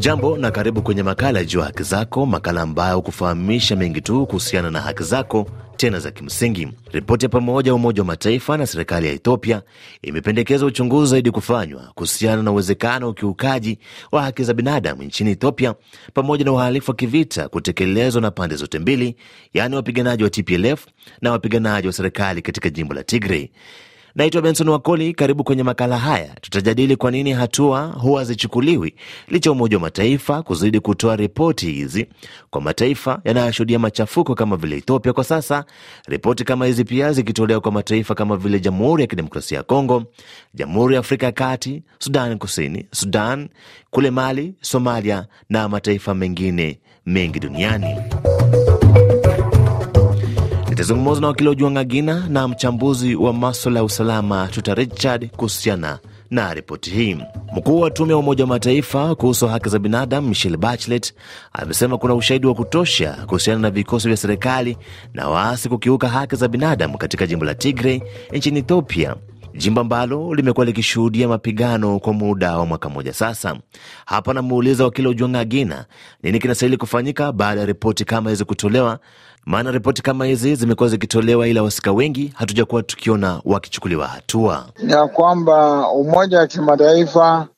Hujambo na karibu kwenye makala juu ya Haki Zako, makala ambayo hukufahamisha mengi tu kuhusiana na haki zako tena za kimsingi. Ripoti ya pamoja ya Umoja wa Mataifa na serikali ya Ethiopia imependekeza uchunguzi zaidi kufanywa kuhusiana na uwezekano wa ukiukaji wa haki za binadamu nchini Ethiopia pamoja na uhalifu wa kivita kutekelezwa na pande zote mbili, yaani wapiganaji wa TPLF na wapiganaji wa serikali katika jimbo la Tigray. Naitwa Benson Wakoli. Karibu kwenye makala haya. Tutajadili kwa nini hatua huwa hazichukuliwi licha Umoja wa Mataifa kuzidi kutoa ripoti hizi kwa mataifa yanayoshuhudia machafuko kama vile Ethiopia kwa sasa, ripoti kama hizi pia zikitolewa kwa mataifa kama vile Jamhuri ya Kidemokrasia ya Kongo, Jamhuri ya Afrika ya Kati, Sudan Kusini, Sudan, kule Mali, Somalia na mataifa mengine mengi duniani. Atazungumza na wakili Ojwang' Agina na mchambuzi wa maswala ya usalama Tuta Richard kuhusiana na ripoti hii. Mkuu wa tume ya Umoja wa Mataifa kuhusu haki za binadamu Michelle Bachelet amesema kuna ushahidi wa kutosha kuhusiana na vikosi vya serikali na waasi kukiuka haki za binadamu katika jimbo la Tigray nchini Ethiopia, jimbo ambalo limekuwa likishuhudia mapigano kwa muda wa mwaka mmoja sasa. Hapa namuuliza wakili Ojwang' Agina nini kinastahili kufanyika baada ya ripoti kama hizi kutolewa maana ripoti kama hizi zimekuwa zikitolewa, ila wahusika wengi hatujakuwa tukiona wakichukuliwa hatua, ya kwamba Umoja wa Kimataifa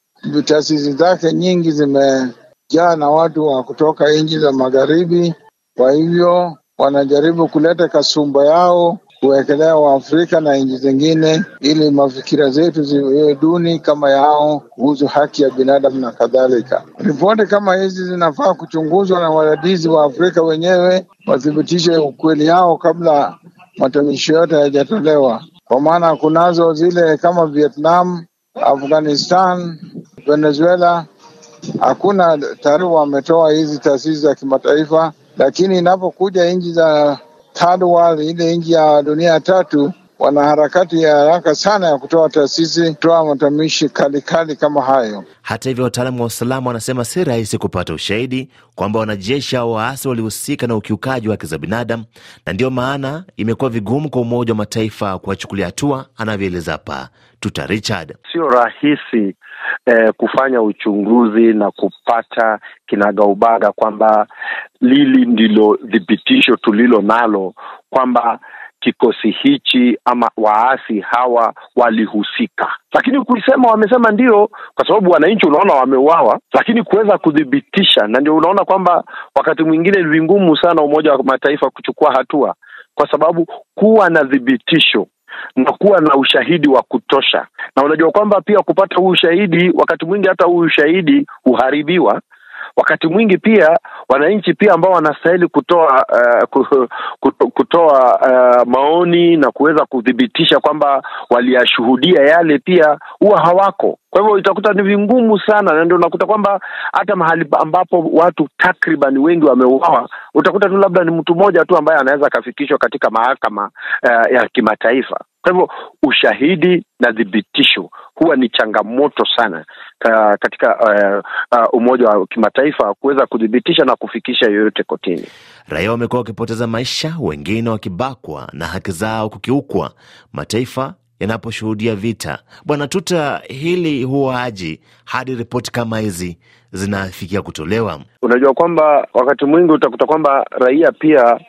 taasisi zake nyingi zimejaa na watu wa kutoka nchi za magharibi, kwa hivyo wanajaribu kuleta kasumba yao kuwekelea Waafrika na nchi zingine, ili mafikira zetu ziwe duni kama yao kuhusu haki ya binadamu na kadhalika. Ripoti kama hizi zinafaa kuchunguzwa na wadadizi wa Afrika wenyewe wathibitishe ukweli yao kabla matamisho yote hayajatolewa, kwa maana kunazo zile kama Vietnam, Afghanistan, Venezuela. Hakuna taarifa wametoa hizi taasisi za kimataifa, lakini inapokuja nchi za hadi wa lile nchi ya dunia ya tatu wana harakati ya haraka sana ya kutoa taasisi kutoa matamishi kalikali kama hayo. Hata hivyo, wataalamu wa usalama wanasema si rahisi kupata ushahidi kwamba wanajeshi au waasi walihusika na ukiukaji wa haki za binadamu, na ndiyo maana imekuwa vigumu kwa Umoja wa Mataifa kuwachukulia hatua, anavyoeleza hapa Tuta Richard. Sio rahisi eh, kufanya uchunguzi na kupata kinagaubaga kwamba lili ndilo thibitisho tulilo nalo kwamba kikosi hichi ama waasi hawa walihusika. Lakini kulisema, wamesema ndio, kwa sababu wananchi unaona wameuawa, lakini kuweza kuthibitisha, na ndio unaona kwamba wakati mwingine ni vingumu sana Umoja wa Mataifa kuchukua hatua, kwa sababu kuwa na thibitisho na kuwa na ushahidi wa kutosha, na unajua kwamba pia kupata huu ushahidi, wakati mwingi hata huu ushahidi huharibiwa wakati mwingi pia wananchi pia ambao wanastahili kutoa uh, kutoa uh, maoni na kuweza kuthibitisha kwamba waliyashuhudia yale pia huwa hawako. Kwa hivyo itakuta ni vingumu sana, na ndio unakuta kwamba hata mahali ambapo watu takriban wengi wameuawa, utakuta tu labda ni mtu mmoja tu ambaye anaweza akafikishwa katika mahakama uh, ya kimataifa. Kwa hivyo ushahidi na thibitisho huwa ni changamoto sana ka, katika uh, uh, Umoja wa Kimataifa kuweza kuthibitisha na kufikisha yoyote kotini. Raia wamekuwa wakipoteza maisha, wengine wakibakwa na haki zao kukiukwa mataifa yanaposhuhudia vita. Bwana Tuta, hili aji hadi ripoti kama hizi zinafikia kutolewa? Unajua kwamba wakati mwingi utakuta kwamba raia pia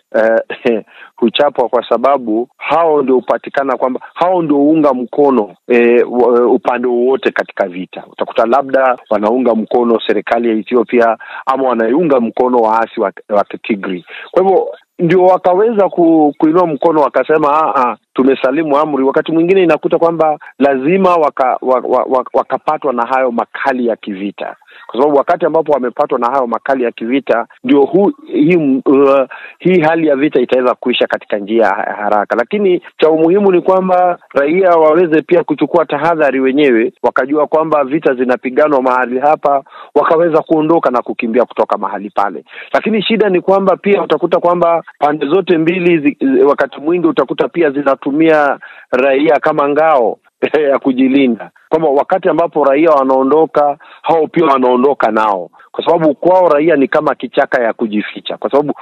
eh, huchapwa kwa sababu hao ndio hupatikana kwamba hao ndio huunga mkono eh, upande wowote katika vita. Utakuta labda wanaunga mkono serikali ya Ethiopia ama wanaiunga mkono waasi wa, kitigri Tigray. Kwa hivyo ndio wakaweza ku, kuinua mkono wakasema ah, ah, tumesalimu amri. Wakati mwingine inakuta kwamba lazima wakapatwa waka, waka, waka na hayo makali ya kivita kwa sababu wakati ambapo wamepatwa na hayo makali ya kivita ndio hu, hii, uh, hii hali ya vita itaweza kuisha katika njia ya haraka, lakini cha umuhimu ni kwamba raia waweze pia kuchukua tahadhari wenyewe, wakajua kwamba vita zinapiganwa mahali hapa, wakaweza kuondoka na kukimbia kutoka mahali pale. Lakini shida ni kwamba pia utakuta kwamba pande zote mbili zi, zi, wakati mwingi utakuta pia zinatumia raia kama ngao ya kujilinda, kwamba wakati ambapo raia wanaondoka, hao pia wanaondoka nao, kwa sababu kwao raia ni kama kichaka ya kujificha, kwa sababu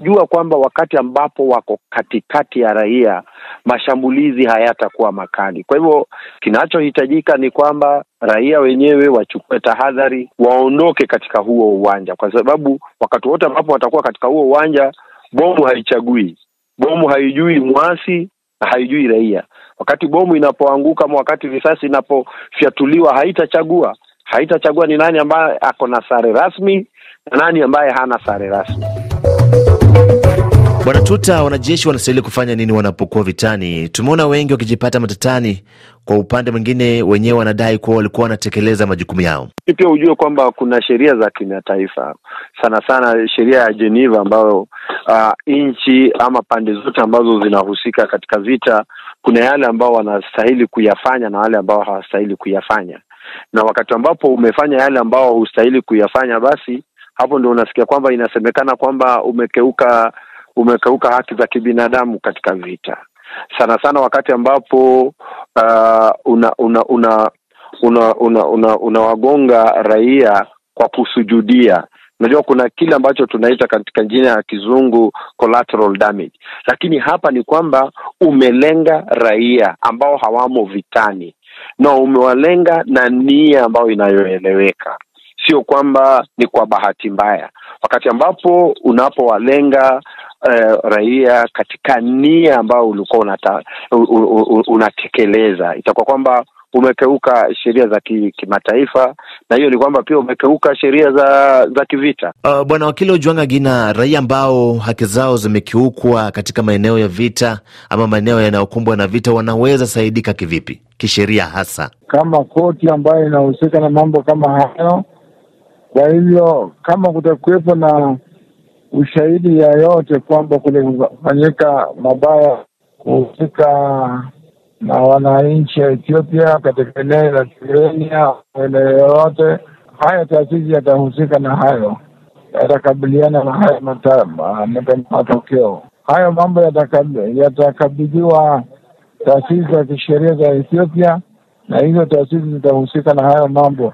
jua kwamba wakati ambapo wako katikati ya raia mashambulizi hayatakuwa makali. Kwa hivyo kinachohitajika ni kwamba raia wenyewe wachukue tahadhari, waondoke katika huo uwanja, kwa sababu wakati wote ambapo watakuwa katika huo uwanja, bomu haichagui, bomu haijui mwasi na haijui raia. Wakati bomu inapoanguka ama wakati risasi inapofyatuliwa, haitachagua haitachagua ni nani ambaye ako na sare rasmi na nani ambaye hana sare rasmi. Bwana Tuta, wanajeshi wanastahili kufanya nini wanapokuwa vitani? Tumeona wengi wakijipata matatani, kwa upande mwingine wenyewe wanadai kuwa walikuwa wanatekeleza majukumu yao. Pia hujue kwamba kuna sheria za kimataifa, sana sana sheria ya jeneva ambayo uh, nchi ama pande zote ambazo zinahusika katika vita kuna yale ambao wanastahili kuyafanya na wale ambao hawastahili kuyafanya, na wakati ambapo umefanya yale ambao hustahili kuyafanya, basi hapo ndio unasikia kwamba inasemekana kwamba umekeuka umekeuka haki za kibinadamu katika vita, sana sana wakati ambapo uh, una una una unawagonga una, una raia kwa kusujudia Unajua, kuna kile ambacho tunaita katika jina ya kizungu collateral damage, lakini hapa ni kwamba umelenga raia ambao hawamo vitani na no, umewalenga na nia ambayo inayoeleweka, sio kwamba ni kwa bahati mbaya, wakati ambapo unapowalenga uh, raia katika nia ambayo ulikuwa unatekeleza, itakuwa kwamba umekeuka sheria za kimataifa na hiyo ni kwamba pia umekeuka sheria za za kivita. Uh, Bwana Wakili Ojwanga Gina, raia ambao haki zao zimekiukwa katika maeneo ya vita ama maeneo yanayokumbwa na vita wanaweza saidika kivipi kisheria, hasa kama koti ambayo inahusika na mambo kama hayo? Kwa hivyo kama kutakuwepo na ushahidi yoyote kwamba kulifanyika mabaya kuhusika na wananchi wa Ethiopia katika eneo la Tigrenia, eneo yoyote haya, taasisi yatahusika na hayo, yatakabiliana na hayo matokeo. Hayo mambo yatakabidhiwa taasisi za kisheria za Ethiopia, na hizo taasisi zitahusika na hayo mambo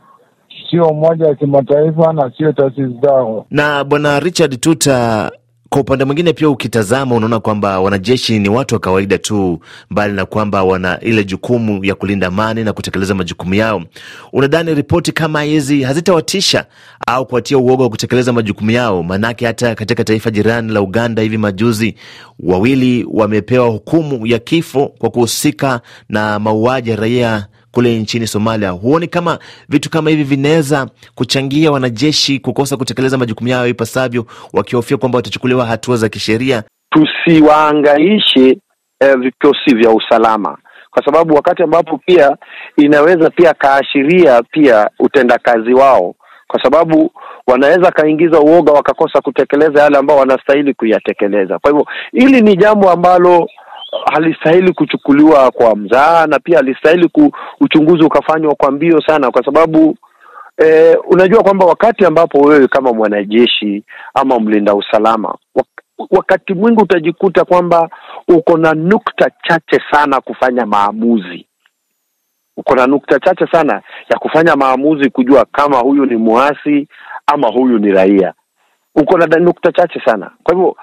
sio umoja wa kimataifa na sio taasisi zao. Na bwana Richard Tuta, kwa upande mwingine pia ukitazama unaona kwamba wanajeshi ni watu wa kawaida tu, mbali na kwamba wana ile jukumu ya kulinda amani na kutekeleza majukumu yao. Unadhani ripoti kama hizi hazitawatisha au kuwatia uoga wa kutekeleza majukumu yao? Maanake hata katika taifa jirani la Uganda hivi majuzi wawili wamepewa hukumu ya kifo kwa kuhusika na mauaji ya raia kule nchini Somalia. Huoni kama vitu kama hivi vinaweza kuchangia wanajeshi kukosa kutekeleza majukumu yao ipasavyo, wakihofia kwamba watachukuliwa hatua za kisheria? Tusiwaangaishe eh, vikosi vya usalama kwa sababu wakati ambapo pia inaweza pia kaashiria pia utendakazi wao, kwa sababu wanaweza kaingiza uoga wakakosa kutekeleza yale ambao wanastahili kuyatekeleza. Kwa hivyo hili ni jambo ambalo halistahili kuchukuliwa kwa mzaa na pia halistahili uchunguzi ukafanywa kwa mbio sana, kwa sababu e, unajua kwamba wakati ambapo wewe kama mwanajeshi ama mlinda usalama wakati mwingi utajikuta kwamba uko na nukta chache sana kufanya maamuzi, uko na nukta chache sana ya kufanya maamuzi, kujua kama huyu ni muasi ama huyu ni raia. Uko na nukta chache sana. Kwa hivyo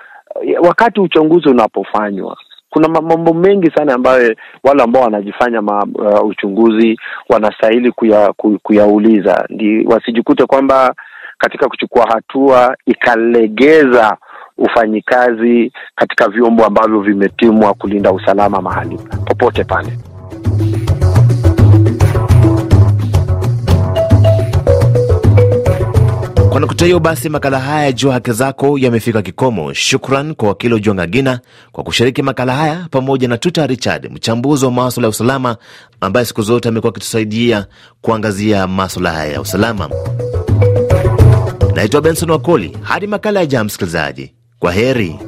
eh, wakati uchunguzi unapofanywa kuna mambo mengi sana ambayo wale ambao wanajifanya ma, uh, uchunguzi wanastahili kuya, ku, kuyauliza ndi wasijikute kwamba katika kuchukua hatua ikalegeza ufanyikazi katika vyombo ambavyo vimetimwa kulinda usalama mahali popote pale. Hata hiyo basi, makala haya ya Jua Haki Zako yamefika kikomo. Shukran kwa wakili Ojuanga Gina kwa kushiriki makala haya pamoja na Tuta Richard, mchambuzi wa maswala ya usalama, ambaye siku zote amekuwa akitusaidia kuangazia maswala haya ya usalama. Naitwa Benson Wakoli. Hadi makala ya jaa, msikilizaji, kwa heri.